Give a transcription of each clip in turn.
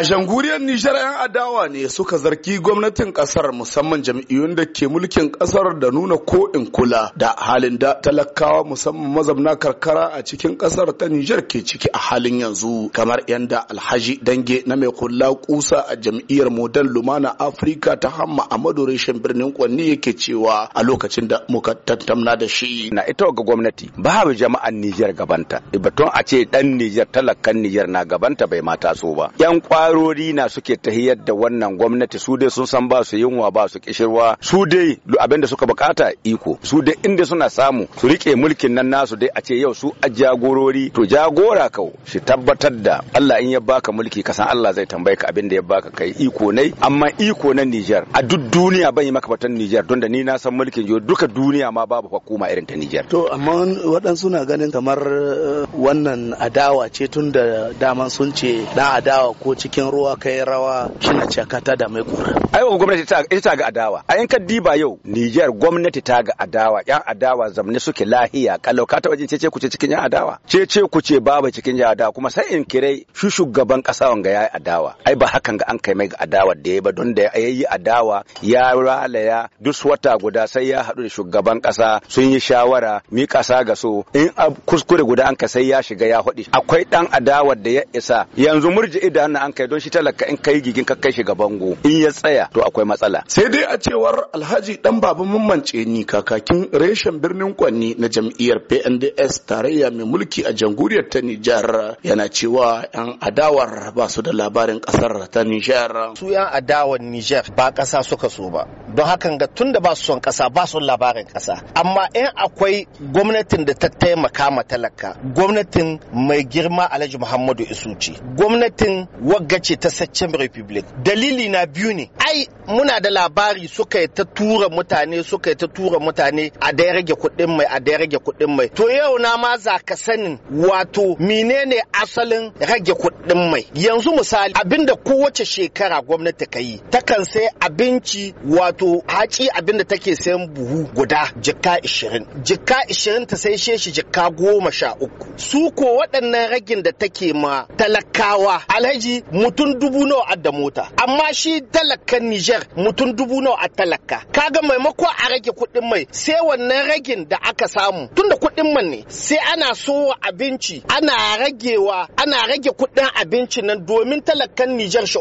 A janguriyar Nijar 'yan adawa ne suka zargi gwamnatin kasar musamman jam'iyyun da ke mulkin kasar da nuna ko in kula da halin da talakawa musamman mazamna karkara a cikin kasar ta Nijar ke ciki a halin yanzu kamar yadda Alhaji Dange na mai kula kusa a jam'iyyar Modern Lumana Afirka ta Hamma Amadu Reshen birnin Kwanni yake cewa a lokacin da muka tattauna da shi. Na ita ga gwamnati babu jama'an Nijar gabanta. Ibatun a ce dan Nijar talakan Nijar na gabanta bai mata so ba. 'Yan kwa barori na suke tahiyar da wannan gwamnati su dai sun san ba su yunwa ba su kishirwa su dai abinda suka bukata iko su dai inda suna samu su rike mulkin nan nasu dai a ce yau su a jagorori to jagora kau shi tabbatar da Allah in ya baka mulki kasan Allah zai tambaye ka abinda ya baka kai iko ne amma iko na Niger a duk duniya ban yi maka fatan Niger don da ni na san mulkin jo duka duniya ma babu hukuma irin ta Niger to amma waɗansu na ganin kamar eh, wannan adawa ce tun da daman sun ce na adawa ko cikin cikin ruwa kai rawa kina ta da mai kura ai gwamnati ita ga adawa a kaddi ba yau Nijar gwamnati ta ga adawa yan adawa zamne suke lahiya kallau ka taba jin cece ce cikin yan adawa cece ce babu cikin yan adawa kuma sai in kirai shi shugaban kasa wanga yayi adawa ai ba hakan ga an kai mai ga adawa da yayi ba don da yayi adawa ya ralaya duk wata guda sai ya hadu da shugaban kasa sun yi shawara mi kasa ga so in kuskure guda an ka sai ya shiga ya haɗi akwai dan adawa da ya isa yanzu murji idan an kai don shi talaka in kai gigin ka kai shi ga bango in ya tsaya to akwai matsala sai dai a cewar alhaji dan baba mummance ni kakakin reshen birnin kwanni na jam'iyyar PNDS tarayya mai mulki a jamhuriyar ta Nijar yana cewa yan adawar ba su da labarin kasar ta Nijar su yan adawar Nijar ba kasa suka so ba don hakan ga tun da ba su son kasa ba su labarin kasa amma in akwai gwamnatin da ta taimaka ma talaka gwamnatin mai girma alhaji muhammadu isuci gwamnatin waggace ta saccen republic dalili na biyu ne ai muna da labari suka yi ta tura mutane suka yi ta tura mutane a da ya rage kuɗin mai a da ya rage kuɗin mai to yau na ma za ka sanin wato menene asalin rage kuɗin mai yanzu misali abinda kowace shekara gwamnati ka yi takan sai abinci wato to haci abinda take sayan buhu guda jikka 20 jikka 20 ta sai shi jikka goma sha uku su ko waɗannan ragin da take ma talakawa alhaji mutum dubu nawa a da mota amma shi talakan Niger mutum dubu nawa a talaka kaga maimako a rage kuɗin mai sai wannan ragin da aka samu tunda kuɗin man ne sai ana so abinci ana ragewa ana rage kuɗin abinci nan domin talakan Niger shi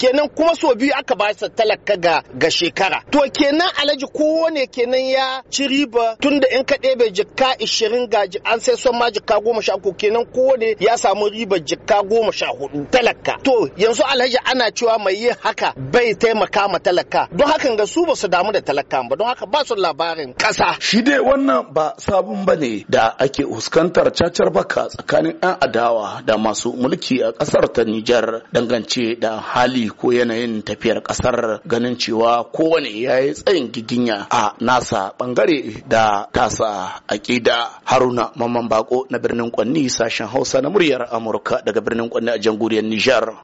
kenan kuma so biyu aka ba sa talaka ga ga shekara tara to kenan alhaji kowane kenan ya ci riba tunda in ka ɗebe jikka ishirin ga an sai son ma jikka goma sha uku kenan kowane ya samu riba jikka goma sha hudu talaka to yanzu alhaji ana cewa mai yin haka bai taimaka ma talaka don hakan ga su ba damu da talaka ba don haka ba su labarin ƙasa. shi dai wannan ba sabon ba ne da ake fuskantar cacar baka tsakanin 'yan adawa da masu mulki a ƙasar ta Nijar dangance da hali ko yanayin tafiyar ƙasar ganin cewa kowa Wani ya yi tsayin giginya a nasa bangare da tasa aƙida haruna mamman bako na birnin kwanni sashen hausa na muryar amurka daga birnin kwanni a jamhuriyar nijar